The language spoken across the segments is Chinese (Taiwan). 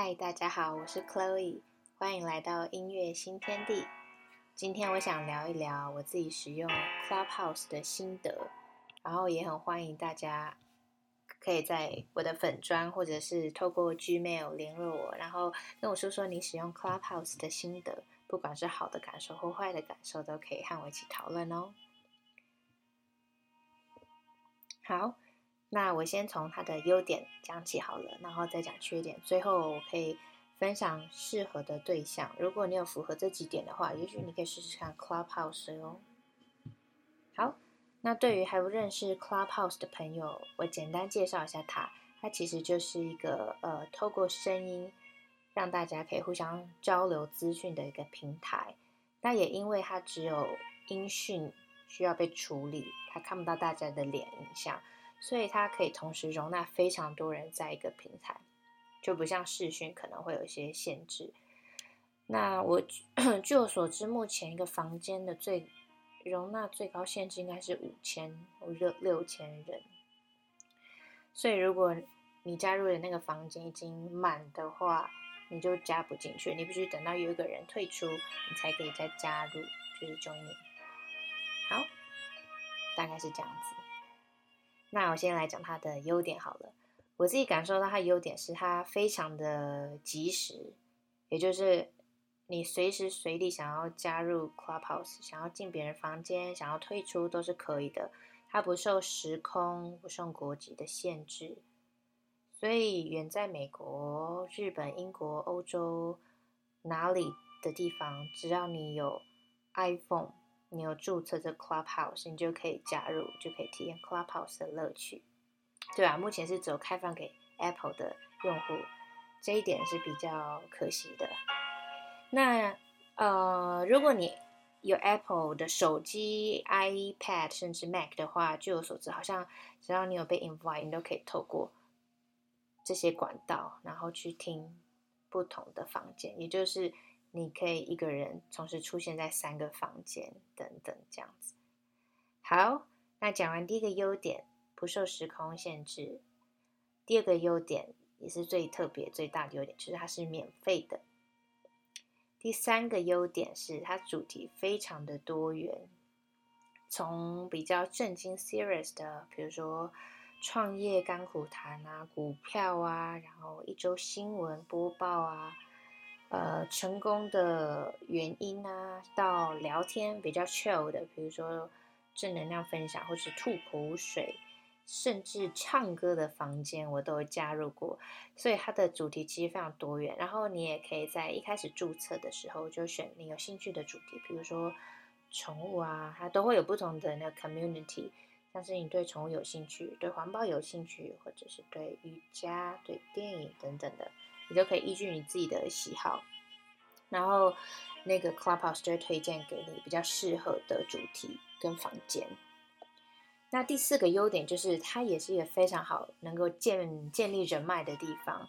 嗨，Hi, 大家好，我是 Chloe，歡迎來到音樂新天地。今天我想聊一聊我自己使用 Clubhouse 的心得，然後也很歡迎大家可以在我的粉專或者是透過 Gmail 聯絡我，然後跟我說說你使用 Clubhouse 的心得，不管是好的感受或壞的感受，都可以和我一起討論哦。好。那我先從它的優點講起好了，然後再講缺點，最後我可以分享適合的對象。如果你有符合這幾點的話，也許你可以試試看 Clubhouse 哦。好，那對於還不認識 Clubhouse 的朋友，我簡單介紹一下它。它其實就是一個呃，透過聲音讓大家可以互相交流資訊的一個平台。那也因為它只有音訊需要被處理，它看不到大家的臉、影像。所以它可以同時容納非常多人在一個平台，就不像視訊可能會有一些限制。那我據我所知，目前一個房間的最容納最高限制應該是五千或者六,六千人。所以如果你加入的那個房間已經滿的話，你就加不進去，你必須等到有一個人退出，你才可以再加入，就是 join in。好，大概是這樣子。那我先來講它的優點好了。我自己感受到它的優點是它非常的及時，也就是你隨時隨地想要加入 Clubhouse，想要進別人房間，想要退出都是可以的。它不受時空、不受國籍的限制，所以遠在美國、日本、英國、歐洲哪裡的地方，只要你有 iPhone，你有註冊這 Clubhouse，你就可以加入，就可以體驗 Clubhouse 的樂趣，對啊，目前是只有開放給 Apple 的用戶，這一點是比較可惜的。那呃，如果你有 Apple 的手機、iPad，甚至 Mac 的話，據我所知，好像只要你有被 invite，你都可以透過這些管道，然後去聽不同的房間，也就是。你可以一個人同時出現在三個房間，等等，這樣子。好，那講完第一個優點，不受時空限制。第二個優點也是最特別、最大的優點，就是它是免費的。第三個優點是它主題非常的多元，從比較正經 serious 的，比如說創業甘苦談啊、股票啊，然後一周新聞播報啊。呃，成功的原因啊，到聊天比較 chill 的，比如說正能量分享，或是吐苦水，甚至唱歌的房間，我都有加入過。所以它的主題其實非常多元。然後你也可以在一開始注冊的時候就選你有興趣的主題，比如說寵物啊，它都會有不同的那個 community。像是你對寵物有興趣，對環保有興趣，或者是對瑜伽、對電影等等的。你都可以依據你自己的喜好，然後那個 Clubhouse 就會推薦給你比較適合的主題跟房間。那第四個優點就是它也是一個非常好能夠建建立人脈的地方，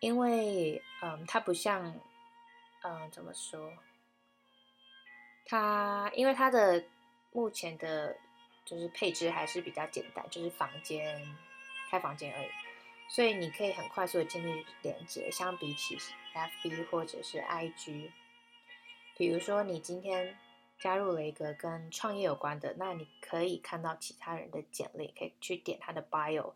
因為嗯，它不像嗯，怎麼說？它因為它的目前的，就是配置還是比較簡單，就是房間開房間而已。所以你可以很快速的建立連接，相比起 FB 或者是 IG，比如說你今天加入了一個跟創業有關的，那你可以看到其他人的簡歷，可以去點他的 bio，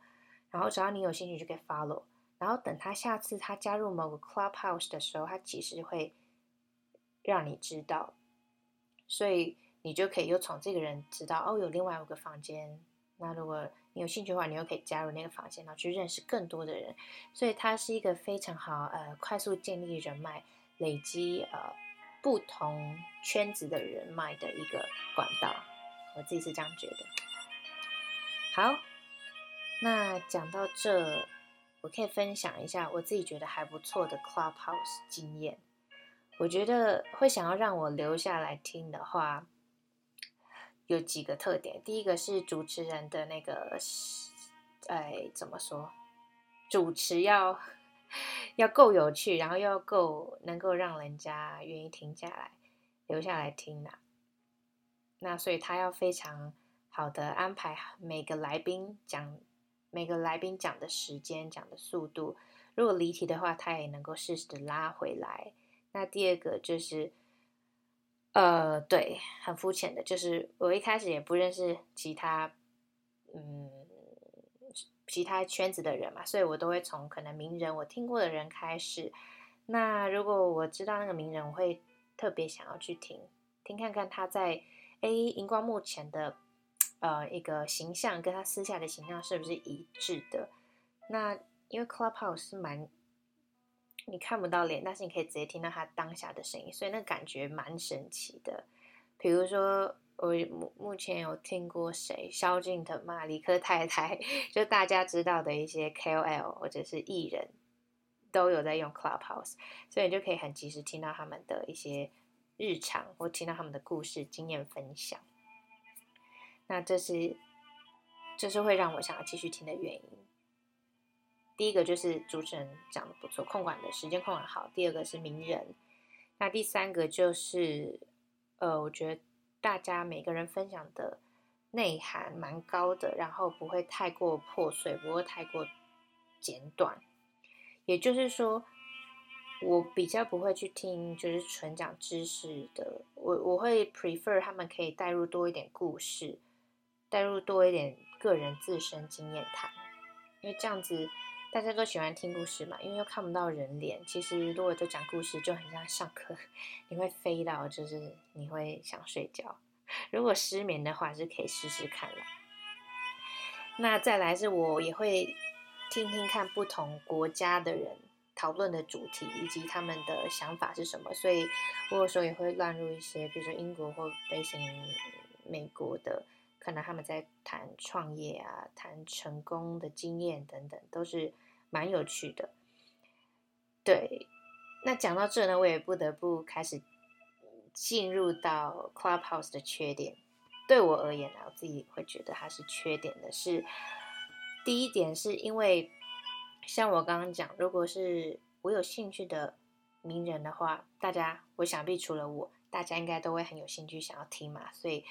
然後只要你有興趣就可以 follow，然後等他下次他加入某個 Clubhouse 的時候，他其實會讓你知道，所以你就可以又從這個人知道哦，有另外一個房間，那如果，你有興趣的話，你又可以加入那個房間，然後去認識更多的人，所以它是一個非常好呃快速建立人脈、累積呃不同圈子的人脈的一個管道。我自己是這樣覺得。好，那講到這，我可以分享一下我自己覺得還不錯的 Clubhouse 經驗。我覺得會想要讓我留下來聽的話，有幾個特點，第一個是主持人的那個，哎，怎麼說？主持要要夠有趣，然後又要夠能夠讓人家願意停下來，留下來聽的，啊。那所以他要非常好的安排每個來賓講每個來賓講的時間、講的速度。如果離題的話，他也能夠適時的拉回來。那第二個就是。呃，對，很膚淺的，就是我一開始也不認識其他，嗯，其他圈子的人嘛，所以我都會從可能名人我聽過的人開始。那如果我知道那個名人，我會特別想要去聽聽看看他在 A 熒光幕前的呃一個形象，跟他私下的形象是不是一致的？那因為 Clubhouse 蠻。你看不到臉，但是你可以直接聽到他當下的聲音，所以那感覺蠻神奇的。比如說，我目目前有聽過誰，蕭敬騰、馬利克太太，就大家知道的一些 KOL 或者是藝人都有在用 Clubhouse，所以你就可以很及時聽到他們的一些日常，或聽到他們的故事、經驗分享。那這是，這是會讓我想要繼續聽的原因。第一個就是主持人講的不錯，控管的時間控管好。第二個是名人，那第三個就是，呃，我覺得大家每個人分享的內涵蠻高的，然後不會太過破碎，不會太過簡短。也就是說，我比較不會去聽，就是純講知識的。我我會 prefer 他們可以帶入多一點故事，帶入多一點個人自身經驗談，因為這樣子。大家都喜歡聽故事嘛，因為又看不到人臉。其實如果在講故事，就很像上課，你會飛到，就是你會想睡覺。如果失眠的話，是可以試試看啦。那再來是我也會聽聽看不同國家的人討論的主題以及他們的想法是什麼，所以我有時候也會亂入一些，比如說英國或北美美國的。可能他們在談創業啊，談成功的經驗等等，都是蠻有趣的。對，那講到這呢，我也不得不開始進入到 Clubhouse 的缺點。對我而言呢、啊，我自己會覺得它是缺點的是第一點，是因為像我剛剛講，如果是我有興趣的名人的話，大家我想必除了我，大家應該都會很有興趣想要聽嘛，所以。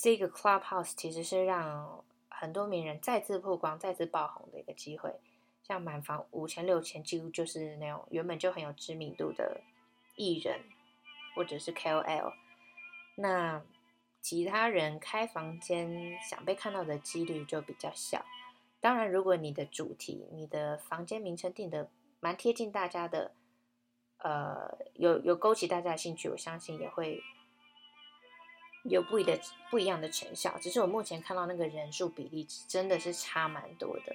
這個 Clubhouse 其實是讓很多名人再次曝光，再次爆紅的一個機會。像滿房五千、六千，幾乎就是那種原本就很有知名度的藝人或者是 KOL。那其他人開房間想被看到的幾率就比較小。當然，如果你的主題、你的房間名稱定得蠻貼近大家的，呃，有有勾起大家的興趣，我相信也會。有不一的不一樣的成效，只是我目前看到那個人數比例真的是差蠻多的。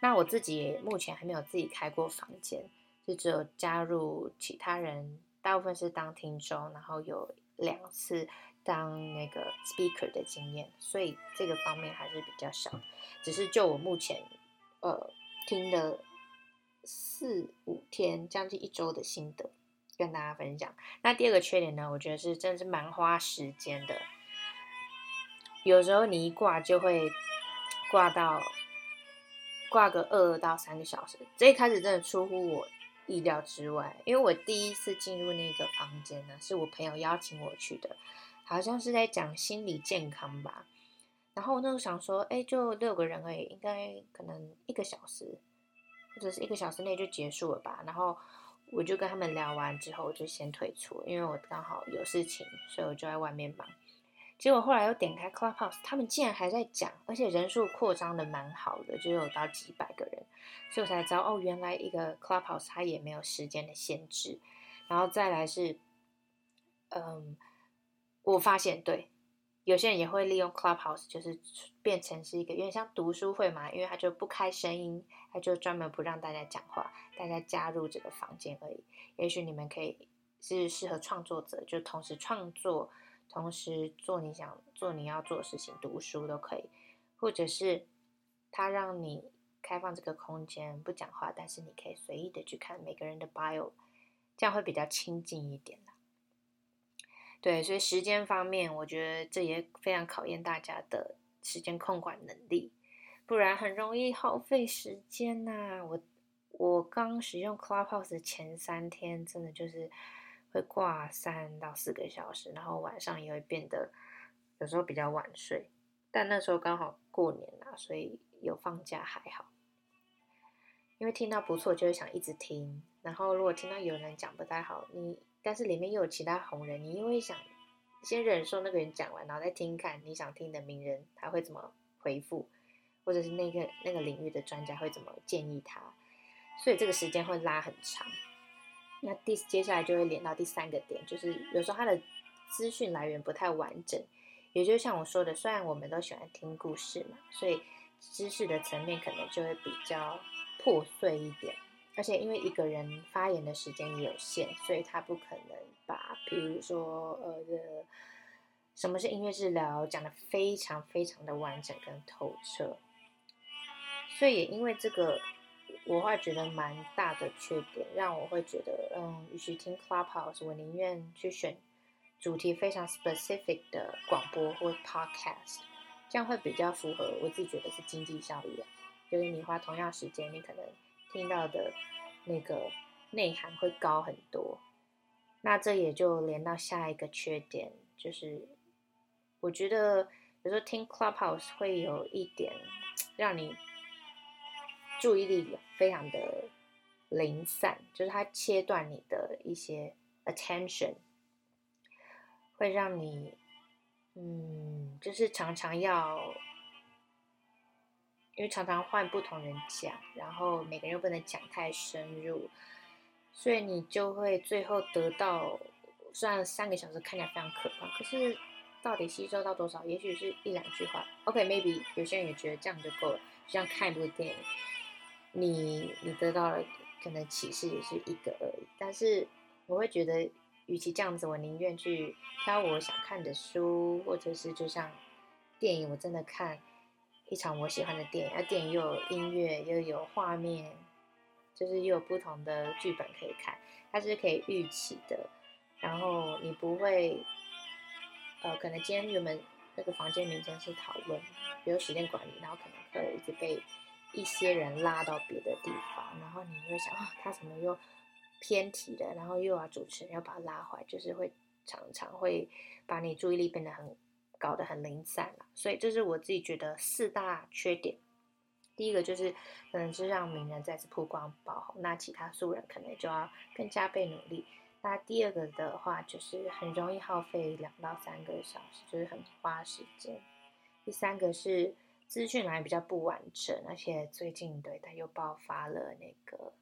那我自己目前還沒有自己開過房間，就只有加入其他人，大部分是當聽眾，然後有兩次當那個 speaker 的經驗，所以這個方面還是比較少。只是就我目前呃聽了四五天，將近一周的心得。跟大家分享。那第二個缺點呢，我覺得是真的是蠻花時間的。有時候你一掛就會掛到掛個二到三個小時，這一開始真的出乎我意料之外。因為我第一次進入那個房間呢，是我朋友邀請我去的，好像是在講心理健康吧。然後我那時候想說，哎、欸，就六個人而已，應該可能一個小時或者是一個小時內就結束了吧。然後我就跟他們聊完之後，我就先退出，因為我剛好有事情，所以我就在外面忙。結果後來又點開 Clubhouse，他們竟然還在講，而且人數擴張得蠻好的，就有到幾百個人，所以我才知道哦，原來一個 Clubhouse 它也沒有時間的限制。然後再來是，嗯，我發現，對。有些人也會利用 Clubhouse，就是變成是一個，因為像讀書會嘛，因為他就不開聲音，他就專門不讓大家講話，大家加入這個房間而已。也許你們可以是適合創作者，就同時創作，同時做你想做你要做的事情，讀書都可以，或者是他讓你開放這個空間，不講話，但是你可以隨意的去看每個人的 bio，這樣會比較親近一點。對，所以時間方面，我覺得這也非常考驗大家的時間控管能力，不然很容易耗費時間吶。我我剛使用 Clubhouse 前三天，真的就是會掛三到四個小時，然後晚上也會變得有時候比較晚睡。但那時候剛好過年啦，所以有放假還好。因為聽到不錯，就會想一直聽。然後如果聽到有人講不太好，你，但是裡面又有其他紅人，你因為想先忍受那個人講完，然後再聽看你想聽的名人他會怎麼回復，或者是那個那個領域的專家會怎麼建議他，所以這個時間會拉很長。那第，接下來就會連到第三個點，就是有時候他的資訊來源不太完整，也就是像我說的，雖然我們都喜歡聽故事嘛，所以知識的層面可能就會比較破碎一點。而且因為一個人發言的時間也有限，所以他不可能把，比如說，呃，這個、什麼是音樂治療講得非常非常的完整跟透徹。所以也因為這個，我會覺得蠻大的缺點，讓我會覺得，嗯，與其聽 Clubhouse，我寧願去選主題非常 specific 的廣播或 podcast，這樣會比較符合我自己覺得是經濟效益啊。就是你花同樣時間，你可能。聽到的那個內涵會高很多，那這也就連到下一個缺點，就是我覺得有時候聽 Clubhouse 會有一點讓你注意力非常的零散，就是它切斷你的一些 attention，會讓你嗯，就是常常要。因為常常換不同人講，然後每個人又不能講太深入，所以你就會最後得到，雖然三個小時看起來非常可怕，可是到底吸收到多少？也許是一兩句話。OK，maybe、okay，有些人也覺得這樣就夠了，就像看一部電影，你你得到了可能啟示也是一個而已。但是我會覺得，與其這樣子，我寧願去挑我想看的書，或者是就像電影，我真的看。一場我喜歡的電影，而、啊、電影又有音樂，又有畫面，就是又有不同的劇本可以看，它是可以預期的。然後你不會，呃，可能今天你們那個房間名稱是討論，比如時間管理，然後可能，可能一直被一些人拉到別的地方，然後你會想，哦、他怎麼又偏題了？然後又要、啊、主持人要把他拉回來，就是會常常會把你注意力變得很。搞得很零散了，所以這是我自己覺得四大缺點。第一個就是，可能是讓名人再次曝光爆紅，那其他素人可能就要更加倍努力。那第二個的話，就是很容易耗費兩到三個小時，就是很花時間。第三個是資訊還比較不完整，而且最近對它又爆發了那個。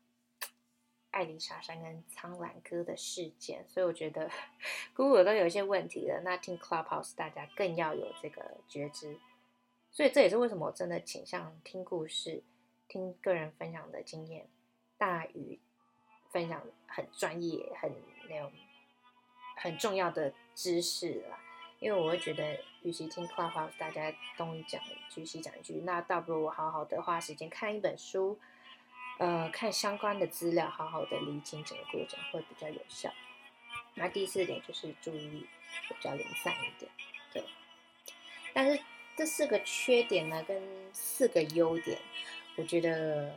艾麗莎山跟蒼藍鴿的事件，所以我覺得 Google 都有一些問題了。那聽 Clubhouse 大家更要有這個覺知，所以這也是為什麼我真的傾向聽故事、聽個人分享的經驗，大於分享很專業、很那種很重要的知識啦。因為我會覺得，與其聽 Clubhouse 大家東講一句西講一句，那倒不如我好好的花時間看一本書。呃，看相關的資料，好好的理清整個過程會比較有效。那第四點就是注意比較零散一點，對。但是這四個缺點呢，跟四個優點，我覺得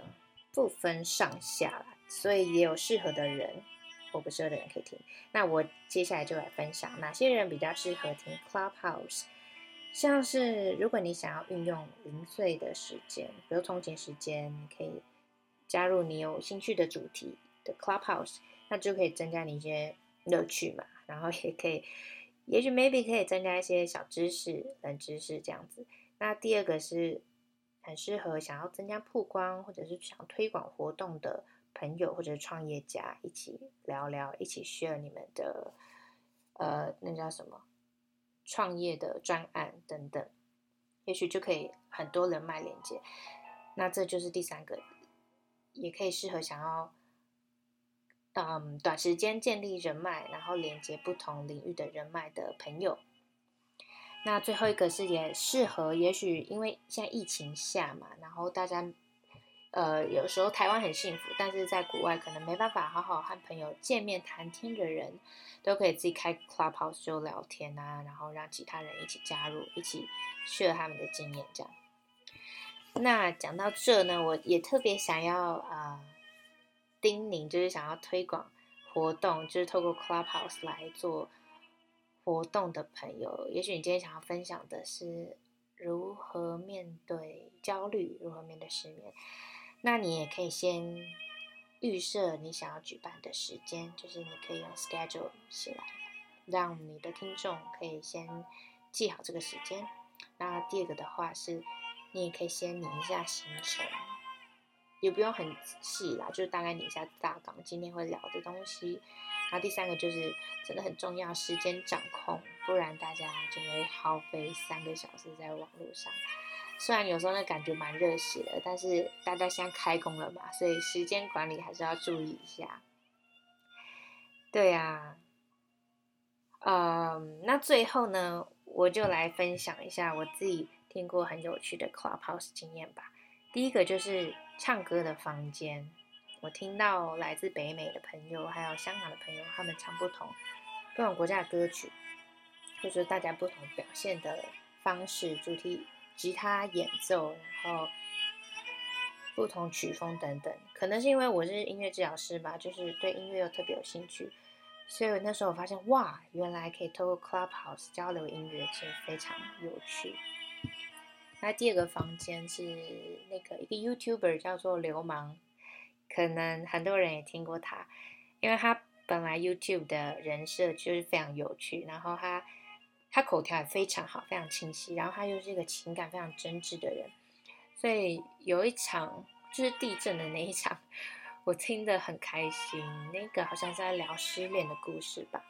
不分上下啦。所以也有適合的人，或不適合的人可以聽。那我接下來就來分享哪些人比較適合聽 Clubhouse，像是如果你想要運用零碎的時間，比如通勤時間，你可以。加入你有興趣的主題的 Clubhouse，那就可以增加你一些樂趣嘛，然後也可以，也許 maybe 可以增加一些小知識、冷知識這樣子。那第二個是很適合想要增加曝光或者是想推廣活動的朋友，或者創業家一起聊聊，一起 share 你們的呃那叫什麼創業的專案等等，也許就可以很多人脈連接。那這就是第三個。也可以適合想要，嗯，短時間建立人脈，然後連接不同領域的人脈的朋友。那最後一個是也適合，也許因為現在疫情下嘛，然後大家，呃，有時候台灣很幸福，但是在國外可能沒辦法好好和朋友見面談天的人，都可以自己開 Clubhouse 就聊天啊，然後讓其他人一起加入，一起學他們的經驗這樣。那講到這呢，我也特別想要啊、呃，叮嚀就是想要推廣活動，就是透過 Clubhouse 來做活動的朋友，也許你今天想要分享的是如何面對焦慮，如何面對失眠，那你也可以先預設你想要舉辦的時間，就是你可以用 schedule 起來，讓你的聽眾可以先記好這個時間。那第二個的話是。你也可以先擬一下行程，也不用很細啦，就是大概擬一下大綱，今天會聊的東西，然後第三個就是真的很重要，時間掌控，不然大家就會耗費三個小時在網絡上。雖然有時候那感覺蠻熱血的，但是大家現在開工了嘛，所以時間管理還是要注意一下。對呀、啊，呃、嗯，那最後呢，我就來分享一下我自己，聽過很有趣的 Clubhouse 經驗吧？第一個就是唱歌的房間，我聽到來自北美的朋友，還有香港的朋友，他們唱不同不同國家的歌曲，就是大家不同表現的方式、主題、吉他演奏，然後不同曲風等等。可能是因為我是音樂治療師吧，就是對音樂又特別有興趣，所以那時候我發現，哇，原來可以透過 Clubhouse 交流音樂，其實非常有趣。那第二個房間是那個一個 YouTuber 叫做流氓，可能很多人也聽過他，因為他本來 YouTube 的人設就是非常有趣，然後他他口條也非常好，非常清晰，然後他又是一個情感非常真摯的人，所以有一場就是地震的那一場，我聽得很開心。那個好像是在聊失戀的故事吧，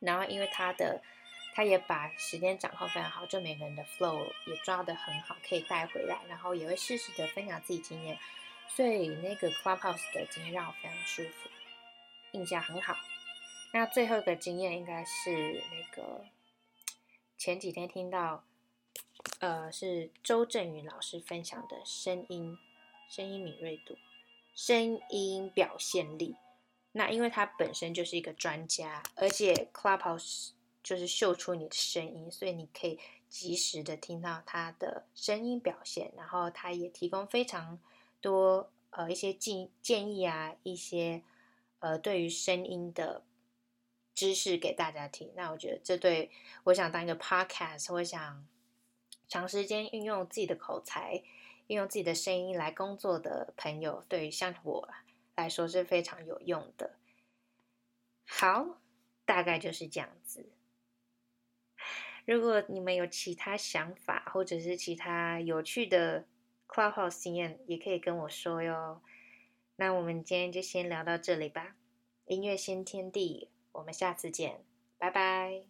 然後因為他的。他也把時間掌控非常好，就每個人的 flow 也抓得很好，可以帶回來，然後也會適時的分享自己經驗，所以那個 Clubhouse 的經驗讓我非常舒服，印象很好。那最後一個經驗應該是那個前幾天聽到，呃，是周震宇老師分享的聲音，聲音敏銳度，聲音表現力。那因為他本身就是一個專家，而且 Clubhouse。就是秀出你的聲音，所以你可以及時的聽到他的聲音表現，然後他也提供非常多呃一些建建議啊，一些呃對於聲音的知識給大家聽。那我覺得這對我想當一個 podcast，我想長時間運用自己的口才，運用自己的聲音來工作的朋友，對於像我來說是非常有用的。好，大概就是這樣子。如果你們有其他想法，或者是其他有趣的 Clubhouse 經驗，也可以跟我說喲。那我們今天就先聊到這裡吧。音樂新天地，我們下次見，拜拜。